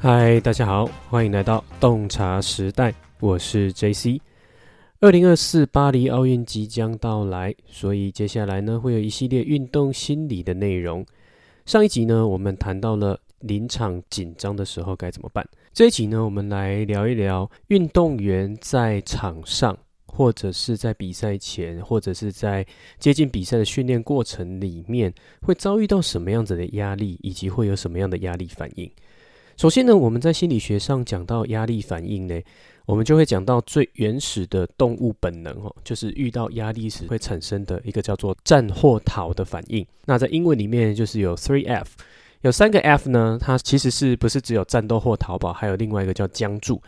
嗨，大家好，歡迎來到洞察時代，我是 JC。二零二四巴黎奧運即將到來，所以接下來呢，會有一系列運動心理的內容。上一集呢，我們談到了臨場緊張的時候該怎麼辦。這一集呢，我們來聊一聊運動員在場上，或者是在比賽前，或者是在接近比賽的訓練過程裡面，會遭遇到什麼樣子的壓力，以及會有什麼樣的壓力反應。首先呢，我們在心理學上講到壓力反應呢，我們就會講到最原始的動物本能哦，就是遇到壓力時會產生的一個叫做戰或逃的反應。那在英文裡面就是有 three F，有三個 F 呢，它其實是不是只有戰鬥或逃跑，還有另外一個叫僵住。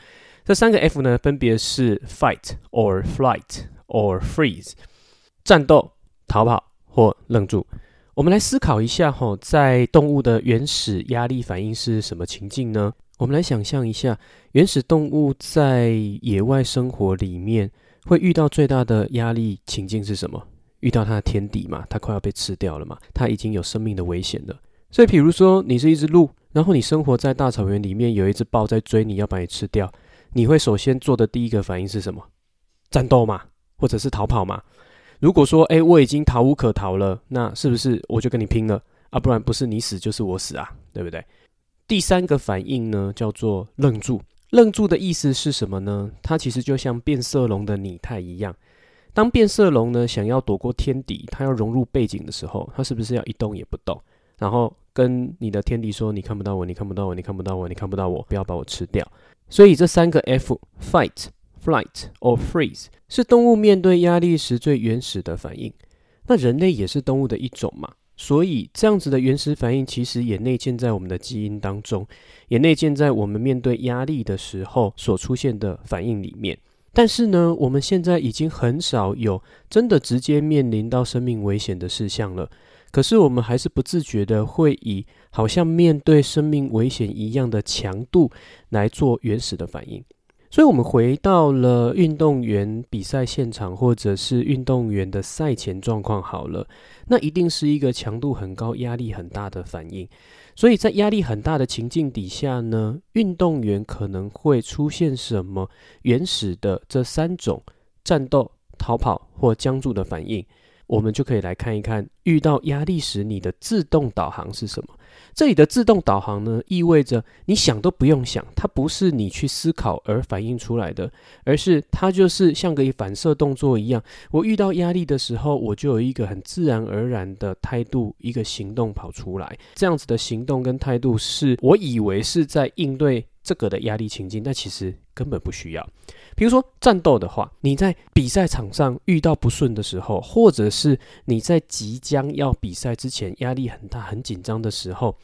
這三個 F 呢，分別是 fight or flight or freeze，戰鬥、逃跑或愣住。我們來思考一下吼，在動物的原始壓力反應是什麼情境呢？我們來想象一下，原始動物在野外生活裡面會遇到最大的壓力情境是什麼？遇到它的天敵嘛，它快要被吃掉了嘛，它已經有生命的危險了。所以，比如說你是一隻鹿，然後你生活在大草原裡面，有一隻豹在追你，要把你吃掉，你會首先做的第一個反應是什麼？戰鬥嘛，或者是逃跑嘛？如果說，哎，我已經逃無可逃了，那是不是我就跟你拼了啊？不然不是你死就是我死啊，對不對？第三個反應呢，叫做愣住。愣住的意思是什麼呢？它其實就像變色龍的擬態一樣。當變色龍呢想要躲過天敵，它要融入背景的時候，它是不是要一動也不動？然後跟你的天敵說：你看不到我，你看不到我，你看不到我，你看不到我，不要把我吃掉。所以這三個 F Fight。Flight or freeze 是動物面對壓力時最原始的反應。那人類也是動物的一種嘛，所以這樣子的原始反應其實也內建在我們的基因當中，也內建在我們面對壓力的時候所出現的反應裡面。但是呢，我們現在已經很少有真的直接面臨到生命危險的事項了。可是我們還是不自覺的會以好像面對生命危險一樣的強度來做原始的反應。所以，我們回到了運動員比賽現場，或者是運動員的賽前狀況。好了，那一定是一個強度很高、壓力很大的反應。所以在壓力很大的情境底下呢，運動員可能會出現什麼原始的這三種戰鬥、逃跑或僵住的反應。我們就可以來看一看，遇到壓力時你的自動導航是什麼？這裡的自動導航呢，意味着你想都不用想，它不是你去思考而反映出來的，而是它就是像個反射動作一樣。我遇到壓力的時候，我就有一個很自然而然的態度，一個行動跑出來。這樣子的行動跟態度，是我以為是在應對。這個的壓力情境，但其實根本不需要。比如說戰鬥的話，你在比賽場上遇到不順的時候，或者是你在即將要比賽之前壓力很大、很緊張的時候，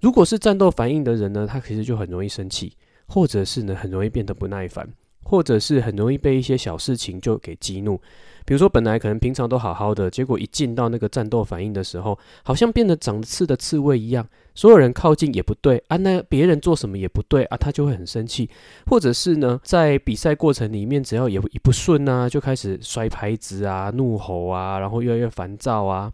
如果是戰鬥反應的人呢，他其實就很容易生氣，或者是呢很容易變得不耐煩。或者是很容易被一些小事情就給激怒，比如說本來可能平常都好好的，結果一進到那個戰鬥反應的時候，好像變得長刺的刺蝟一樣，所有人靠近也不對啊，那別人做什麼也不對啊，他就會很生氣。或者是呢，在比賽過程裡面，只要有一不順啊，就開始摔拍子啊、怒吼啊，然後越來越煩躁啊。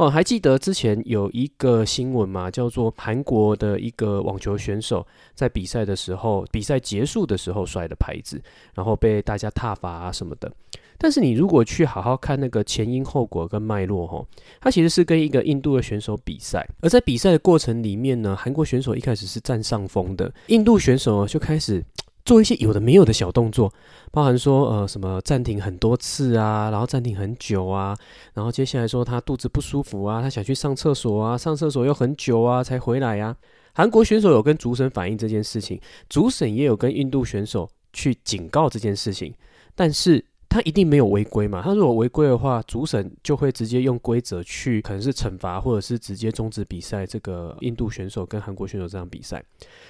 哦，還記得之前有一個新聞嘛？叫做韓國的一個網球選手在比賽的時候，比賽結束的時候摔的拍子，然後被大家撻伐啊什麼的。但是你如果去好好看那個前因後果跟脈絡，哦，吼，他其實是跟一個印度的選手比賽，而在比賽的過程裡面呢，韓國選手一開始是佔上風的，印度選手就開始。做一些有的沒有的小動作，包含說呃什麼暫停很多次啊，然後暫停很久啊，然後接下來說他肚子不舒服啊，他想去上廁所啊，上廁所又很久啊才回來呀、啊。韓國選手有跟主審反映這件事情，主審也有跟印度選手去警告這件事情，但是。他一定沒有違規嘛？他如果違規的話，主審就會直接用規則去，可能是懲罰，或者是直接終止比賽。這個印度選手跟韓國選手這場比賽，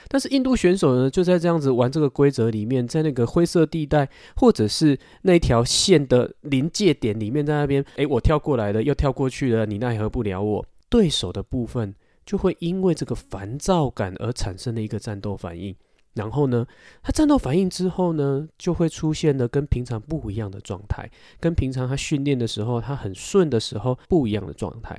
但是印度選手呢，就在這樣子玩這個規則裡面，在那個灰色地帶，或者是那條線的臨界點裡面，在那邊，誒，我跳過來了，又跳過去了，你奈何不了我。對手的部分就會因為這個煩躁感而產生的一個戰鬥反應。然後呢，他戰鬥反應之後呢，就會出現了跟平常不一樣的狀態，跟平常他訓練的時候他很順的時候不一樣的狀態。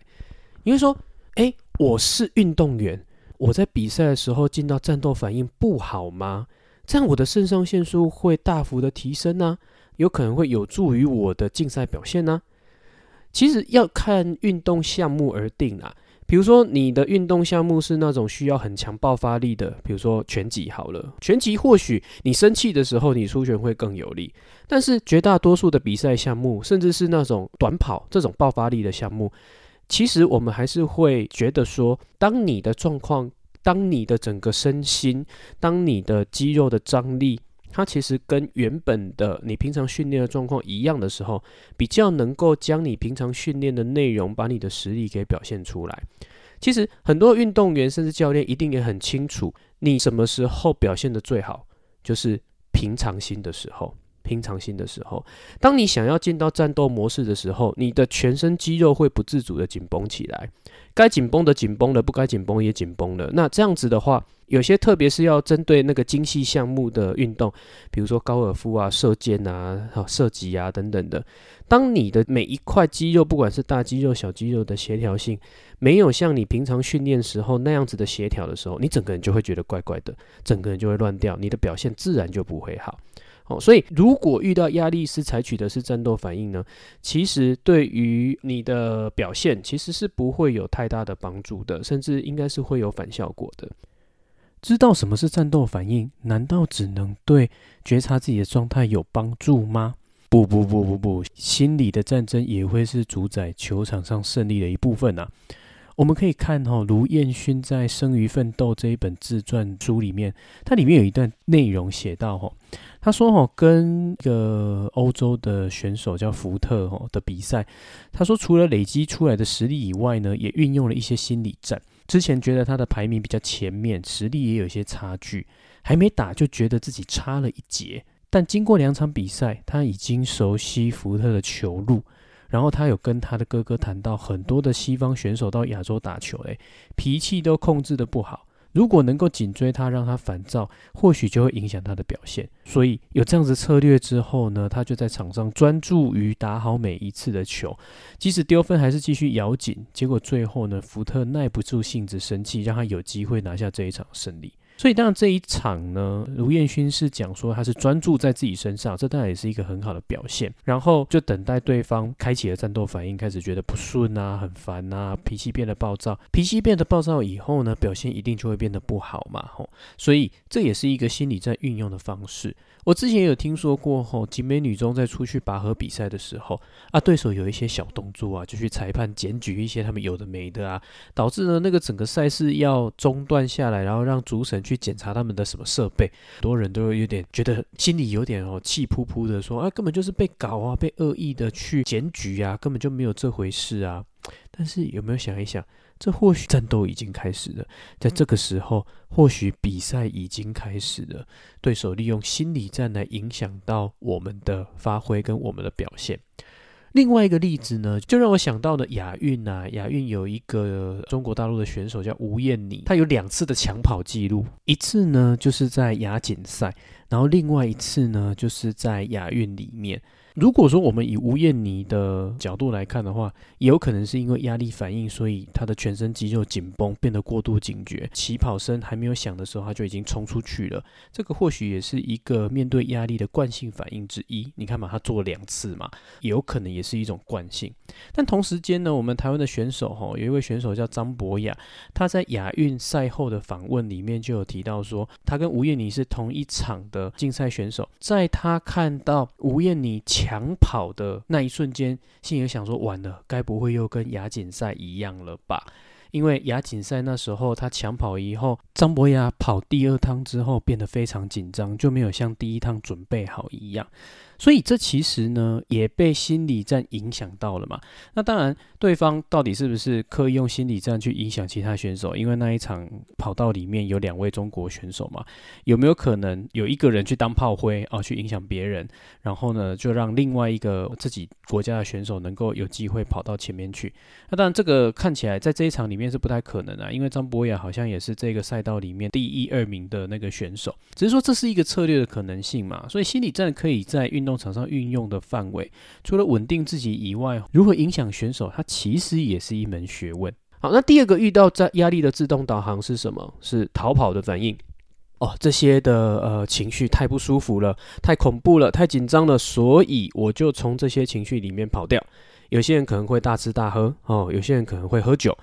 你會說，哎，我是運動員，我在比賽的時候進到戰鬥反應不好嗎？這樣我的腎上腺素會大幅的提升呢，有可能會有助於我的競賽表現呢。其實要看運動項目而定啊。比如說，你的運動項目是那種需要很強爆發力的，比如說拳擊好了。拳擊或許你生氣的時候你出拳會更有力，但是絕大多數的比賽項目，甚至是那種短跑這種爆發力的項目，其實我們還是會覺得說，當你的狀況、當你的整個身心、當你的肌肉的張力，它其實跟原本的你平常訓練的狀況一樣的時候，比較能夠將你平常訓練的內容，把你的實力給表現出來。其實很多運動員甚至教練一定也很清楚，你什麼時候表現的最好，就是平常心的時候。平常性的時候，當你想要進到戰鬥模式的時候，你的全身肌肉會不自主的緊繃起來，該緊繃的緊繃了，不該緊繃也緊繃了。那這樣子的話，有些特別是要針對那個精細項目的運動，比如說高爾夫啊、射箭啊、射擊啊、射擊啊等等的，當你的每一塊肌肉，不管是大肌肉、小肌肉的協調性，沒有像你平常訓練時候那樣子的協調的時候，你整個人就會覺得怪怪的，整個人就會亂掉，你的表現自然就不會好。哦，所以，如果遇到壓力是採取的是戰鬥反應呢？其實對於你的表現，其實是不會有太大的幫助的，甚至應該是會有反效果的。知道什麼是戰鬥反應，難道只能對覺察自己的狀態有幫助嗎？不不不不不，心理的戰爭也會是主宰球場上勝利的一部分啊。我們可以看哈，盧彥勳在《生於奮鬥》這一本自傳書裡面，他裡面有一段內容寫到哈，他說哈，跟一個歐洲的選手叫福特哈的比賽，他說除了累積出來的實力以外呢，也運用了一些心理戰。之前覺得他的排名比較前面，實力也有一些差距，還沒打就覺得自己差了一截。但經過兩場比賽，他已經熟悉福特的球路。然後他有跟他的哥哥談到，很多的西方選手到亞洲打球誒，脾氣都控制得不好。如果能夠緊追他，讓他煩躁，或許就會影響他的表現。所以有這樣子策略之後呢，他就在場上專注於打好每一次的球，即使丟分還是繼續咬緊。結果最後呢，福特耐不住性子生氣，讓他有機會拿下這一場勝利。所以當然這一場呢，盧彥勳是講說他是專注在自己身上，這當然也是一個很好的表現。然後就等待對方開啟了戰鬥反應，開始覺得不順啊，很煩啊，脾氣變得暴躁，脾氣變得暴躁以後呢，表現一定就會變得不好嘛。吼，所以這也是一個心理在運用的方式。我之前有聽說過，吼，景美女中在出去拔河比賽的時候，啊，對手有一些小動作啊，就去裁判檢舉一些他們有的沒的啊，導致呢那個整個賽事要中斷下來，然後讓主審去檢查他們的什麼設備。很多人都有點覺得心裡有點哦、喔，氣噗噗的說，說啊，根本就是被搞啊，被惡意的去檢舉啊，根本就沒有這回事啊。但是有沒有想一想？這或許戰鬥已經開始了，在這個時候，或許比賽已經開始了。對手利用心理戰來影響到我們的發揮跟我們的表現。另外一個例子呢，就讓我想到了亞運啊，亞運有一個中國大陸的選手叫吳艷妮，她有兩次的搶跑記錄，一次呢就是在亞錦賽，然後另外一次呢就是在亞運裡面。如果說我們以吳豔妮的角度來看的話，也有可能是因為壓力反應，所以她的全身肌肉緊繃，變得過度警覺。起跑聲還沒有響的時候，她就已經衝出去了。這個或許也是一個面對壓力的慣性反應之一。你看嘛，她做了兩次嘛，也有可能也是一種慣性。但同時間呢，我們台灣的選手哈、哦，有一位選手叫張博雅，他在亞運賽後的訪問裡面就有提到說，他跟吳豔妮是同一場的競賽選手，在他看到吳豔妮。搶跑的那一瞬間，心也想說：完了，該不會又跟亞錦賽一樣了吧？因為亞錦賽那時候他搶跑以後，張博雅跑第二趟之後變得非常緊張，就沒有像第一趟準備好一樣。所以這其實呢，也被心理戰影響到了嘛。那當然，對方到底是不是刻意用心理戰去影響其他選手？因為那一場跑道裡面有兩位中國選手嘛，有沒有可能有一個人去當炮灰啊，去影響別人，然後呢，就讓另外一個自己國家的選手能夠有機會跑到前面去？那當然，這個看起來在這一場裡面是不太可能的啊，因為張博雅好像也是這個賽道裡面第一二名的那個選手。只是說這是一個策略的可能性嘛。所以心理戰可以在運動。場上運用的範圍，除了穩定自己以外，如何影響選手，它其實也是一門學問。好，那第二個遇到在壓力的自動導航是什麼？是逃跑的反應。哦，這些的呃情緒太不舒服了，太恐怖了，太緊張了，所以我就從這些情緒裡面跑掉。有些人可能會大吃大喝哦，有些人可能會喝酒。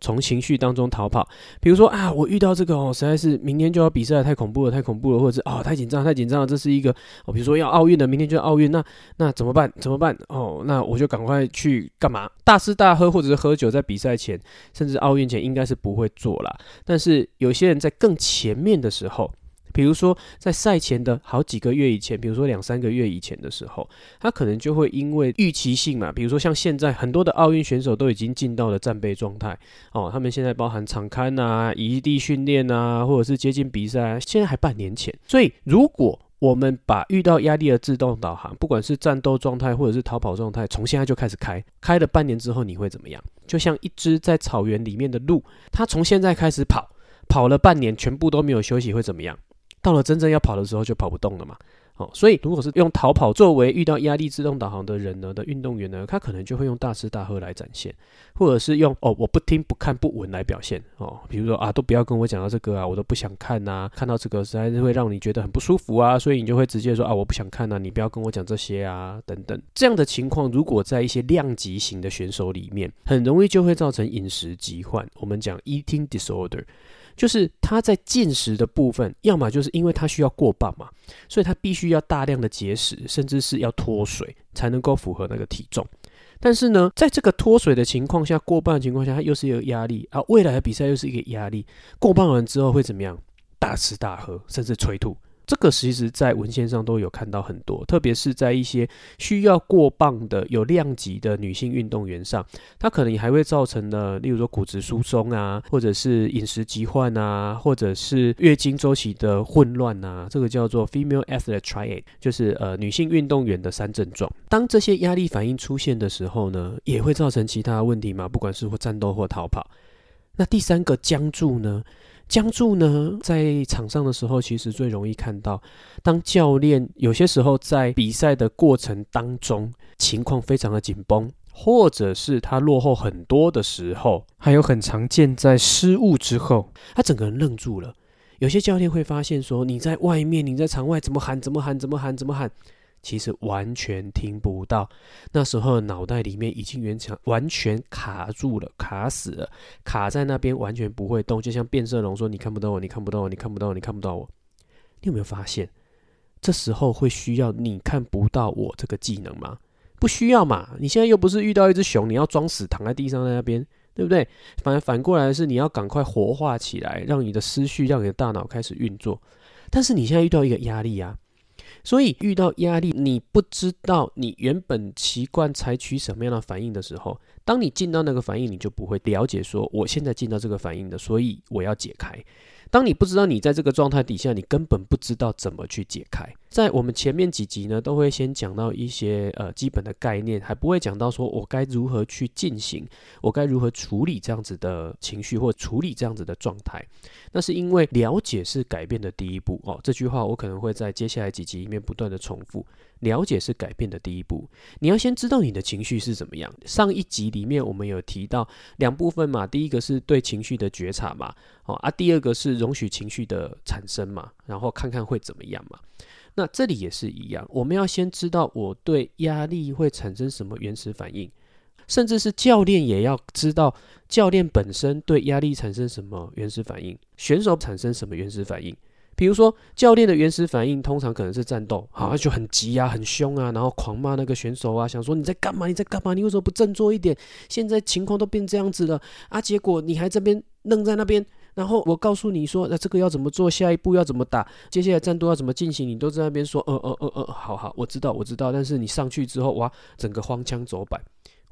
從情緒當中逃跑，比如說啊，我遇到這個哦，實在是明天就要比賽了，太恐怖了，太恐怖了，或者是哦，太緊張，太緊張了。這是一個哦，比如說要奧運的，明天就要奧運，那那怎麼辦？怎麼辦？哦，那我就趕快去幹嘛？大吃大喝，或者是喝酒，在比賽前，甚至奧運前，應該是不會做啦。但是有些人在更前面的時候。比如說，在賽前的好幾個月以前，比如說兩三個月以前的時候，他可能就會因為預期性嘛，比如說像現在很多的奧運選手都已經進到了戰備狀態哦，他們現在包含場刊啊、異地訓練啊，或者是接近比賽，現在還半年前。所以，如果我們把遇到壓力的自動導航，不管是戰鬥狀態或者是逃跑狀態，從現在就開始開，開了半年之後，你會怎麼樣？就像一隻在草原裡面的鹿，它從現在開始跑，跑了半年，全部都沒有休息，會怎麼樣？到了真正要跑的時候就跑不動了嘛，哦，所以如果是用逃跑作為遇到壓力自動導航的人呢的運動員呢，他可能就會用大吃大喝來展現，或者是用哦我不聽不看不聞來表現哦，比如說啊，都不要跟我講到這個啊，我都不想看吶、啊，看到這個實在是會讓你覺得很不舒服啊，所以你就會直接說啊，我不想看吶、啊，你不要跟我講這些啊等等這樣的情況，如果在一些量級型的選手裡面，很容易就會造成飲食疾患，我們講 eating disorder。就是他在進食的部分，要麼就是因為他需要過磅嘛，所以他必須要大量的節食，甚至是要脫水才能夠符合那個體重。但是呢，在這個脫水的情況下，過磅的情況下，它又是一個壓力啊。未來的比賽又是一個壓力。過磅完之後會怎麼樣？大吃大喝，甚至催吐。這個其實，在文獻上都有看到很多，特別是在一些需要過磅的有量級的女性運動員上，它可能也還會造成了，例如說骨質疏鬆啊，或者是飲食疾患啊，或者是月經週期的混亂啊，這個叫做 female athletic triad，就是呃女性運動員的三症狀。當這些壓力反應出現的時候呢，也會造成其他問題嘛，不管是或戰鬥或逃跑。那第三個僵住呢？僵住呢，在場上的時候，其實最容易看到。當教練有些時候在比賽的過程當中，情況非常的緊繃，或者是他落後很多的時候，還有很常見在失誤之後，他整個人愣住了。有些教練會發現說，你在外面，你在場外，怎麼喊，怎麼喊，怎麼喊，怎麼喊。其實完全聽不到，那時候腦袋裡面已經完全完全卡住了，卡死了，卡在那邊完全不會動，就像變色龍說：“你看不到我，你看不到我，你看不到，你看不到我。”你有沒有發現，這時候會需要你看不到我這個技能嗎？不需要嘛。你現在又不是遇到一隻熊，你要裝死躺在地上在那邊，對不對？反反過來的是你要趕快活化起來，讓你的思緒，讓你的大腦開始運作。但是你現在遇到一個壓力啊。所以遇到壓力，你不知道你原本習慣採取什麼樣的反應的時候，當你進到那個反應，你就不會了解說我現在進到這個反應了，所以我要解開。當你不知道你在這個狀態底下，你根本不知道怎麼去解開。在我們前面幾集呢，都會先講到一些呃基本的概念，還不會講到說我該如何去進行，我該如何處理這樣子的情緒或處理這樣子的狀態。那是因為了解是改變的第一步哦。這句話我可能會在接下來幾集裡面不斷的重複。了解是改變的第一步，你要先知道你的情緒是怎麼樣。上一集裡面我們有提到兩部分嘛，第一個是對情緒的覺察嘛，哦啊，第二個是容許情緒的產生嘛，然後看看會怎麼樣嘛。那這裡也是一樣，我們要先知道我對壓力會產生什麼原始反應，甚至是教練也要知道，教練本身對壓力產生什麼原始反應，選手產生什麼原始反應。比如說，教練的原始反應通常可能是戰鬥，啊，就很急啊，很兇啊，然後狂罵那個選手啊，想說你在幹嘛？你在幹嘛？你為什麼不振作一點？現在情況都變這樣子了啊，結果你還這邊愣在那邊。然後我告訴你說，那、啊、這個要怎麼做？下一步要怎麼打？接下來戰鬥要怎麼進行？你都在那邊說，呃呃呃呃，好好，我知道，我知道。但是你上去之後，哇，整個荒腔走板，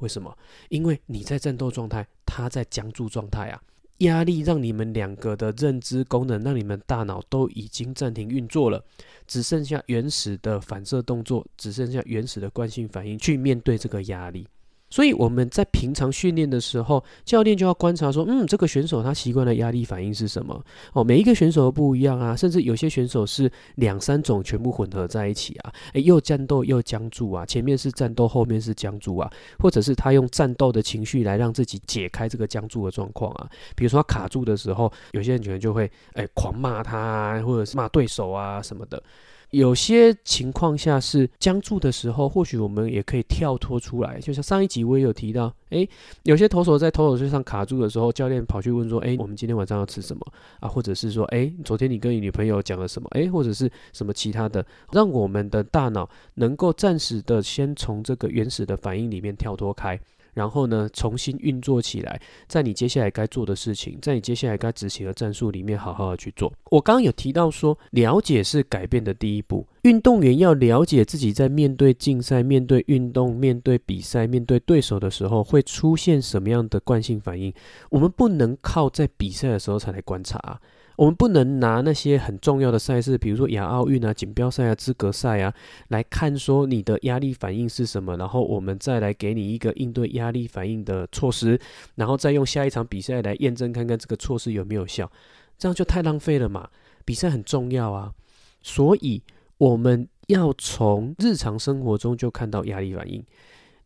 為什麼？因為你在戰鬥狀態，他在僵住狀態啊，壓力讓你們兩個的認知功能，讓你們大腦都已經暫停運作了，只剩下原始的反射動作，只剩下原始的慣性反應去面對這個壓力。所以我們在平常訓練的時候，教練就要觀察說，嗯，這個選手他習慣的壓力反應是什麼？哦，每一個選手都不一樣啊，甚至有些選手是兩三種全部混合在一起啊，哎，又戰鬥又僵住啊，前面是戰鬥，後面是僵住啊，或者是他用戰鬥的情緒來讓自己解開這個僵住的狀況啊，比如說他卡住的時候，有些人可能就會哎狂罵他啊，或者是罵對手啊什麼的。有些情況下是僵住的時候，或許我們也可以跳脫出來。就像上一集我也有提到，哎，有些投手在投手丘上卡住的時候，教練跑去問說：“哎，我們今天晚上要吃什麼啊？”或者是說：“哎，昨天你跟你女朋友講了什麼？”哎，或者是什麼其他的，讓我們的大腦能夠暫時的先從這個原始的反應裡面跳脫開。然後呢，重新運作起來，在你接下來該做的事情，在你接下來該執行的戰術裡面，好好的去做。我剛剛有提到說，了解是改變的第一步。運動員要了解自己在面對競賽、面對運動、面對比賽、面對對手的時候，會出現什麼樣的慣性反應。我們不能靠在比賽的時候才來觀察啊。我們不能拿那些很重要的賽事，比如說亞奧運啊、錦標賽啊、資格賽啊來看，說你的壓力反應是什麼，然後我們再來給你一個應對壓力反應的措施，然後再用下一場比賽來驗證看看這個措施有沒有效，這樣就太浪費了嘛！比賽很重要啊，所以我們要從日常生活中就看到壓力反應，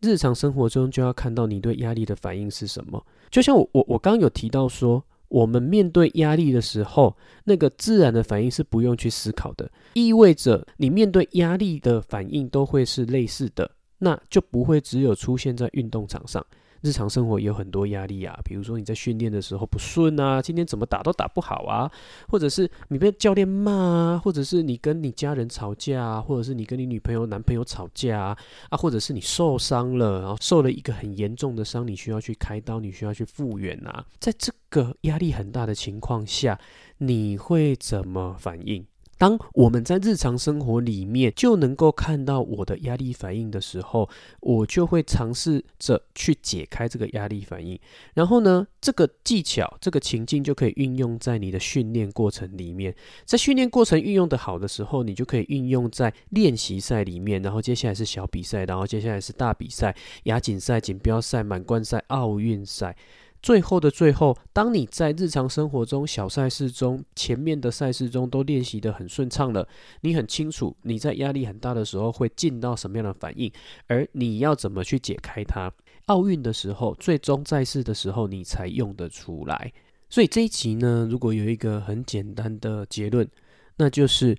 日常生活中就要看到你對壓力的反應是什麼。就像我我我剛有提到說。我們面對壓力的時候，那個自然的反應是不用去思考的，意味着你面對壓力的反應都會是類似的，那就不會只有出現在運動場上。日常生活也有很多壓力啊，比如說你在訓練的時候不順啊，今天怎麼打都打不好啊，或者是你被教練罵啊，或者是你跟你家人吵架啊，或者是你跟你女朋友、男朋友吵架啊，啊，或者是你受傷了，然後受了一個很嚴重的傷，你需要去開刀，你需要去復原啊。在這個壓力很大的情況下，你會怎麼反應？當我們在日常生活裡面就能夠看到我的壓力反應的時候，我就會嘗試着去解開這個壓力反應。然後呢，這個技巧、這個情境就可以運用在你的訓練過程裡面。在訓練過程運用得好的時候，你就可以運用在練習賽裡面。然後接下來是小比賽，然後接下來是大比賽、亞錦賽、錦標賽、滿貫賽、奧運賽。最後的最後，當你在日常生活中小賽事中、前面的賽事中都練習得很順暢了，你很清楚你在壓力很大的時候會進到什麼樣的反應，而你要怎麼去解開它。奧運的時候，最終賽事的時候，你才用得出來。所以這一集呢，如果有一個很簡單的結論，那就是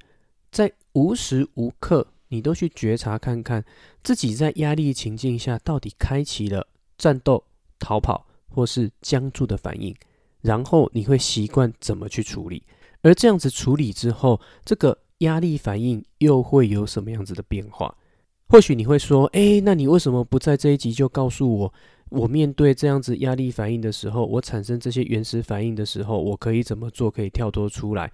在無時無刻你都去覺察看看自己在壓力情境下到底開啟了戰鬥、逃跑。或是僵住的反應，然後你會習慣怎麼去處理，而這樣子處理之後，這個壓力反應又會有什麼樣子的變化？或許你會說，誒、欸，那你為什麼不在這一集就告訴我，我面對這樣子壓力反應的時候，我產生這些原始反應的時候，我可以怎麼做，可以跳脫出來？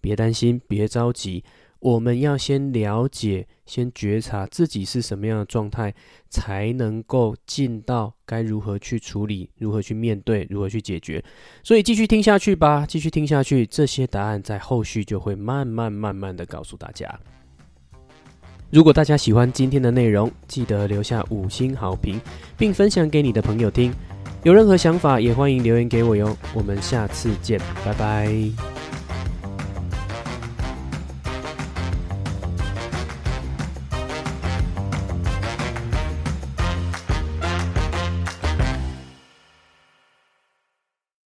別擔心，別着急。我們要先了解，先覺察自己是什麼樣的狀態，才能夠進到該如何去處理、如何去面對、如何去解決。所以繼續聽下去吧，繼續聽下去，這些答案在後續就會慢慢慢慢地告訴大家。如果大家喜歡今天的內容，記得留下五星好評，並分享給你的朋友聽。有任何想法，也歡迎留言給我喲。我們下次見，拜拜。